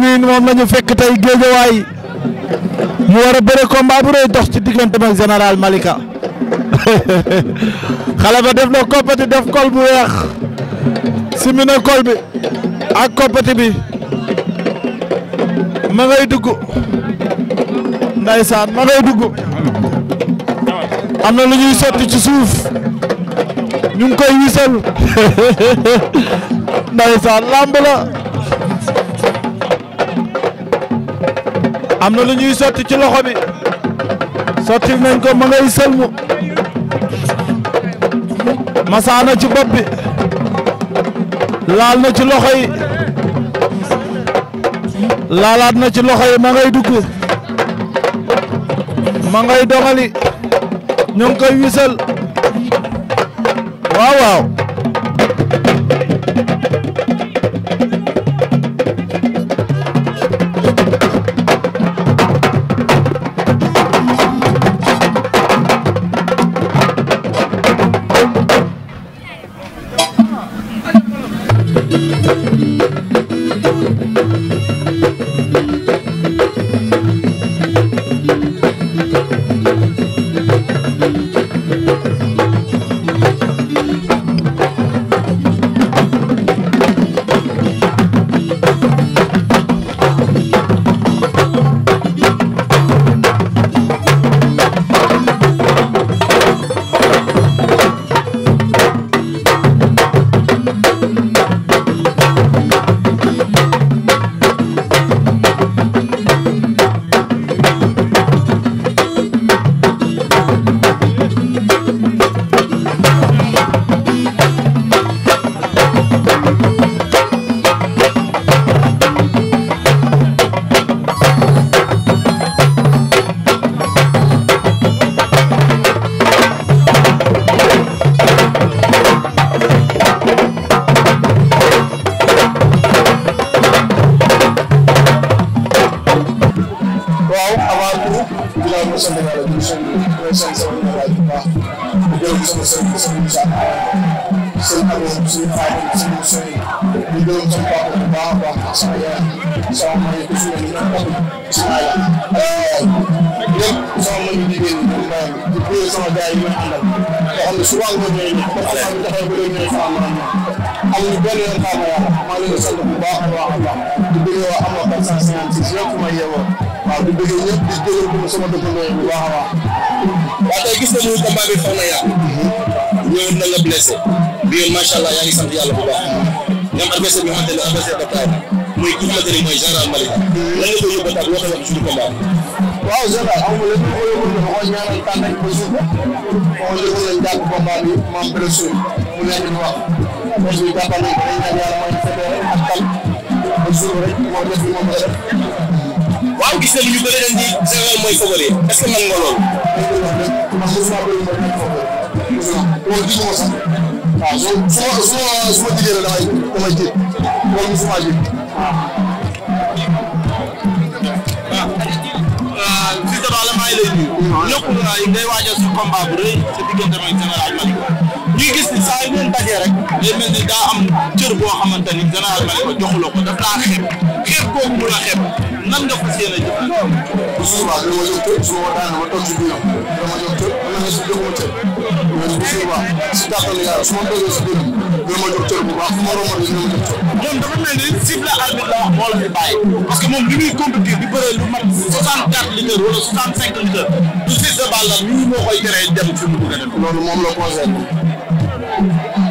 nii moom la ñu fekk tey géejawaay mu war a bëre combat bu rëy dox ci diggante ak général Malika xale ba def na koppati def kol bu weex simi na kol bi ak koppati bi ma ngay dugg ndaysaan ma ngay dugg am na lu ñuy sotti ci suuf ñu ngi koy wisal ndaysaan lamb am na lu ñuy sotti ci loxo bi sotti nañ ko ma ngay sëlmu masaana ci bopp bi laal na ci loxo yi laalaat na ci loxo yi ma ngay dugg ma ngay doxali ñu ngi koy wisal waaw waaw ginnaaw bi sant yàlla di sant sant sama mbaa bu baax di gërëm sama sëriñ sama sëriñ sëriñ Aliou suñu xaar suñu sëriñ di gërëm sama papa bu baax a baax ak sama yaay sama maay ku suñu ñu ko sama yaay lépp sama mag yi jigéen ñi ñu bàyyi di gërëm sama gars yi ma àndal nga xam ne souvent nga ñëw ñu ko xam ne dafay bëri ñëw fa am amuñu benn yoon xaar ma yàlla maa ngi leen di sant bu baax a baax a baax di gërëm waa am na 456 yëpp ma yeewoo waaw di bëggee ñëpp di bëggee ko sama dëkkandoo yi bu baax a gis nañu combat na yàqu ñëwoon na yaa ngi sant yàlla bu baax nga am adversaire bi nga xamante ne adversaire de taille muy ki mooy général Malika lan nga koy yóbbu ak loo koy wax suñu combat waaw général amul lépp ma yóbbu dafa ko mu nekk di wax parce que jàppal nañu ko dañu naan yàlla mooy fédéré ak tal ba suuf waaw gis na li ñu bëri ren di Javel mooy favori est-ce que mën nga lool. loolu gis nga sax waaw su ma su ma su ma jigéen la damay damay jéem loolu mosuma jéem waaw. waaw Fils de Balla maa ngi ak Général Malika nan nga ko seen a jëfandikoo. bu subaa dina ma jóg tëb su ma daan ma toog ci biir dina ma jóg tëb dina ma si jóguma tëb mais bu subaa si gàttal yàlla su ma toogee si biir dina ma jóg tëb bu baax fu ma romoon dina ma jóg tëb. moom dafa mel ni cible arbitre la wax moo la fi bàyyi parce que moom li muy compétir di bëree lu mat soixante quatre litres wala soixante cinq litres du Fils de Balla mii moo koy teree dem fi mu bëgg a dem. loolu moom la concerné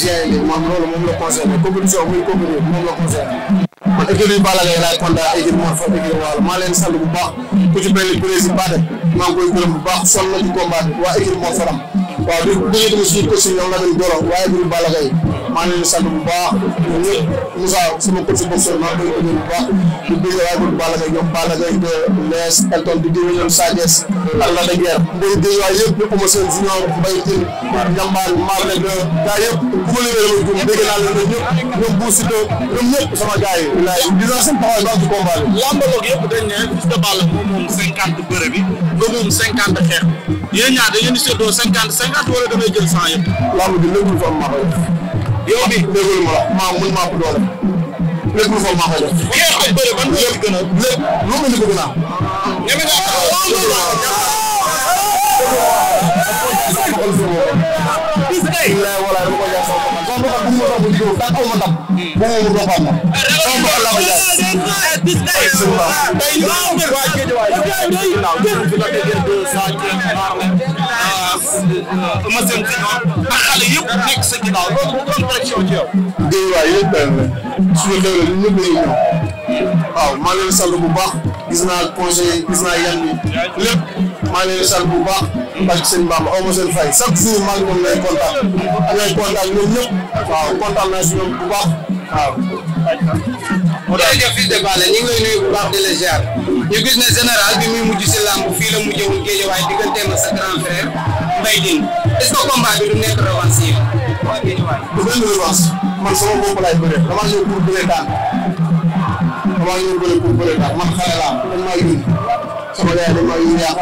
GIE moom loolu moom la concerné compétition muy compétir moom la concerné. man écurie Balla Gaye laay kontaan écurie Mor Fadam écurie Waalo maa leen sant bu baax ku ni président Bade maa ngi koy gërëm bu baax sonn na ci combat waa écurie Mor Fadam waaw di bu ñu tamit suñu si ñoom la leen goro waa écurie Balla Gaye maa ngi leen di sant bu baax ñun ñëpp Moussa sama coach si boppam maa ngi koy bu baax di bëgg waaye bu Balla Gaye ñoom Balla Gaye de les Elton di déglu ñoom Sa Thiès ak Lac de Guiers mbir géej waaye yëpp ma seen si ñoom Mbaye Tine Njambaar Mar de gars yëpp bu ma limee la ma dégg naa leen ñoom ñëpp ñoom bu si ñoom ñëpp sama gars yi. walaay dinaa seen taxawaay baax ci combat bi. lambaloog yëpp dañ ne Fils de Balla moom moom cinquante bëre bi nga moom cinquante xeex yéen ñaar da ngeen di séddoo cinquante cinquante wala damay jël cent yëpp. lamb bi léegi lu fa am yow bi déggoo li ma wax maa mun maa ko doole lépp lu foog maa koy def. bu ngeen xaj bëri ban lépp gën a lépp lu mu indi bëgg naa. ñeme nga am. bis day ma seen si ñoom ak xale yëpp nekk sa ginnaaw loolu doon pression ci yow. géej waay yëpp benn suñu dëgg la ñëpp dañuy ñëw waaw maa leen sant bu baax gis naa conseil gis naa yan bi lépp bu baax parce que ma seen fay chaque jour maa ngi moom lay kontaan ak lay kontaan ñoom ñëpp waaw bu baax waaw. mu doon jërëjëf fils de Balla ñu ngi lay nuyu bu baax di général bi muy mujj si làmb fii la mujjee wu géej waaye digganteem ak sa grand frère Mbaye Dine est ce que combat bi yi. du benn revanche man sama bopp laay bëree damaa ñëw pour bëree daan damaa ñëw bëri pour yi dañ xam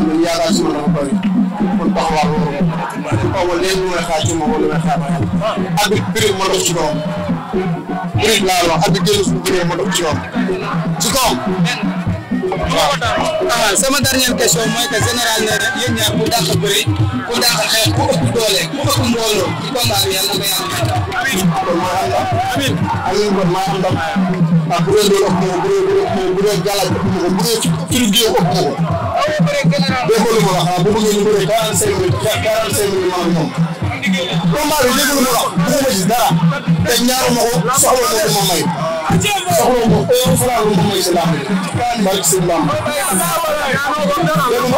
ne yaakaar si man dafa bëri kon taxawaar waruma ko xaw ma léegi lu may xaar ci moom wala may xaar ma xel ak bi prix ma dox ci bëri laa wax at bi génn suñu bëree ma dox ci ñoom ci kawam. waaw waaw ah, sama dernière question mooy que général nee na yéen ñaar ku dàq bëri ku dàq xeex ku ëpp doole ku ëpp mbooloo ci combat bi yàlla na ko yàlla amiin amiin amiin kon maa am ndam ah bu dee doole ëpp moom bu dee bu dee bu dee galaaj ëpp moom bu dee firi géew ëpp moom. déggoo lu ma wax ah bu bëggee ñu bëree 45 minutes 45 minutes maa ngi moom. combat bi déglu ma la bëgguma gis dara te ñaaru ma ko soxla ma ko ma may soxla ma ko un franc lu ma may si làmb bi barke si làmb déglu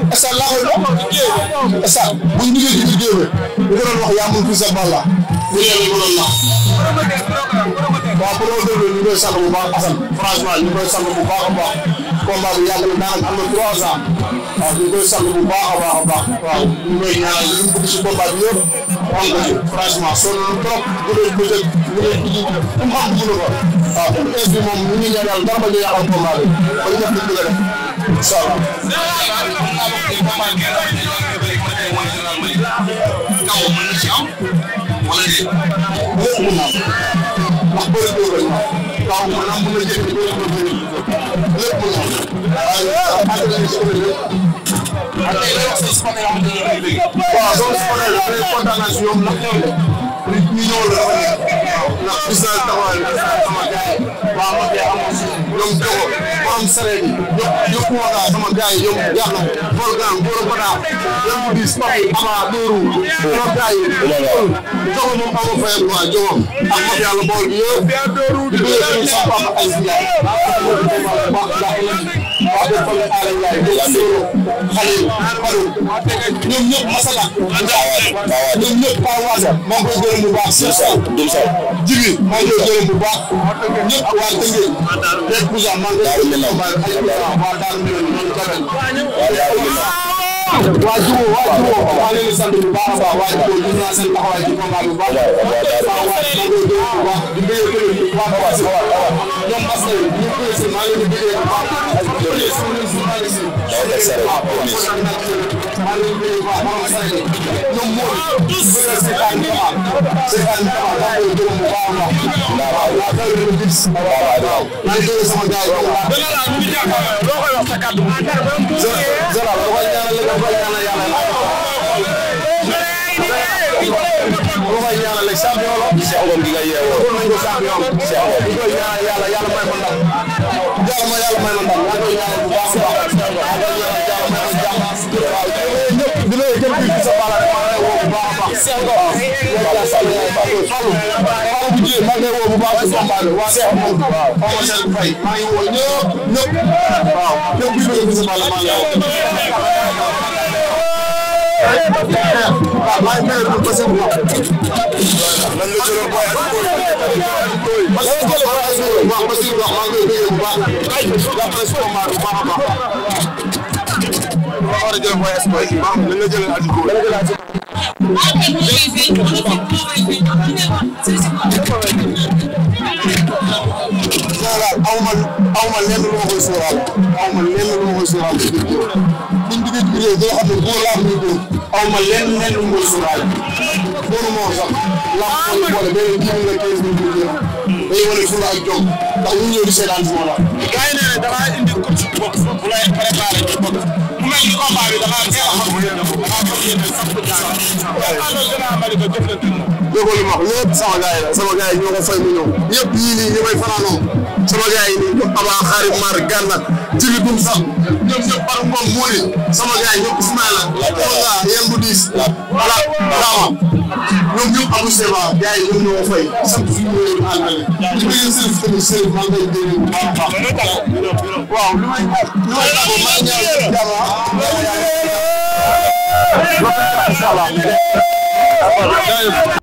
ma estat laa koy dox estat bu ñu duggee ci biir géew bi ko doon wax yaa mun fii sa balla bu yàlla ko doon nax waaw promoteur bi ñu koy sant bu baax Assane franchement ñu koy sant bu baax a baax combat bi yàgg na daanaka am na trois ans waaw ñu koy sant bu baax a baax a baax waaw ñu koy ñaanal li mu bëgg si combat bi yëpp am ko ci franchement sonn na trop bu dee bu dee bu dee dugg xam dugg na ko waaw heure bi moom ñu ngi ñaan yàlla dara ba ñu yàqal combat bi ba ñu def li ñu bëgg a def incha allah. lépp mën naa ko ndax bëri dóor lañ taw mën naa mën na jënd bëri waaw soo su ko defee dafay kontaan naa si yow ndax nit ñi ñëw la dafa nekk ndax gis naa taxawaay gis naa sama gars yi waaw ma koy am ñoom Jogo ma am saree bi ñoom ñoom Mawla sama gars yi ñoom Diakhoum Volcan Goro Fada yan bu diis Pape Ama Dóoru sama gars yi Jogo moom amoo fayam quoi Jogo ak ma yàlla bool bi yëpp di bëgg suñu papa ay si yaay. Abdou Fallé Alane Ndiaye ñoom Soro Khalil Fallou ñoom ñëpp Masala. ñoom ñëpp Paa Waasa. maa ngi koy gërëm bu baax. Diouf Sarr Diouf Sarr. Jibi maa ngi koy gërëm bu baax. ñëpp waa Tëngéej. léegi Moussa maa ngi koy gërëm bu baax. waaw yaa ngi waa Diouf waa Diouf maa leen di sant bu baax a baax waa Diouf gis naa seen taxawaay ci combat bi bu baax. waaw waaw waaw di bëggee kële bu baax a baax. ñoom Mas nañu ñu ngi koy seen maa leen di bëggee bu baax. ko fay ñaanal rek champion la ci ngom gi nga yeewoo ko nañ ko champion ci ngom ko ñaanal yàlla yàlla may ma ndam yàlla ma yàlla may ma ndam ma koy ñaanal bu baax a baax yàlla may ma jàmm Senghor Fallou bu jé ma ngi woo bu baax ci combat bi waa Cheikh Amadou waaw Omar Sall Faye maa ngi woo ñëpp ñëpp waaw ñëpp bu bëgg ci balla maa ngi woo maa ngi woo ko Senghor lan la jëloon boy ak boy ma ngi ko wax ma ci wax maa ngi bëgg bu baax ay la presse combat bu baax a baax maa ngi jël boy espoir maa ngi la jël adiko awma awma lenn lu ma koy sóoraal awma lenn lu ma koy sóoraal ci biir góor buñ duggee ci biir góor xam ne góor laa muy góor awma lenn lenn lu ma koy sóoraal góoru moo sax laa ko koy boole beneen jiw nga quinze mille bi jëm day wane fulla ak jom ndax ñu ñëw di seetaan si moom gars yi nee na damaa indi coach box bu lay préparé ci box mu mel ni combat bi damaa teel a xam déggoo li ma wax ñëpp sama gars yi la sama gars yi ñoo ko fay mu ñëw ñëpp ñii nii ñu may fanaanoo sama gars yi nii ñu abaa xaari mar gànna jili dum sax ñoom ñëpp par ngoon muuri sama gars yi ñëpp Ismaïla Konga yéen bu diis voilà dama ñoom ñëpp Abou Seba gars yi ñoom ñoo ko fay sant suñu wéy bi àndale ci biir sëriñ tamit sëriñ maa ngay dégg bu baax a baax waaw li may li may tàggoo maa ngi ñaan jàmm incha allah.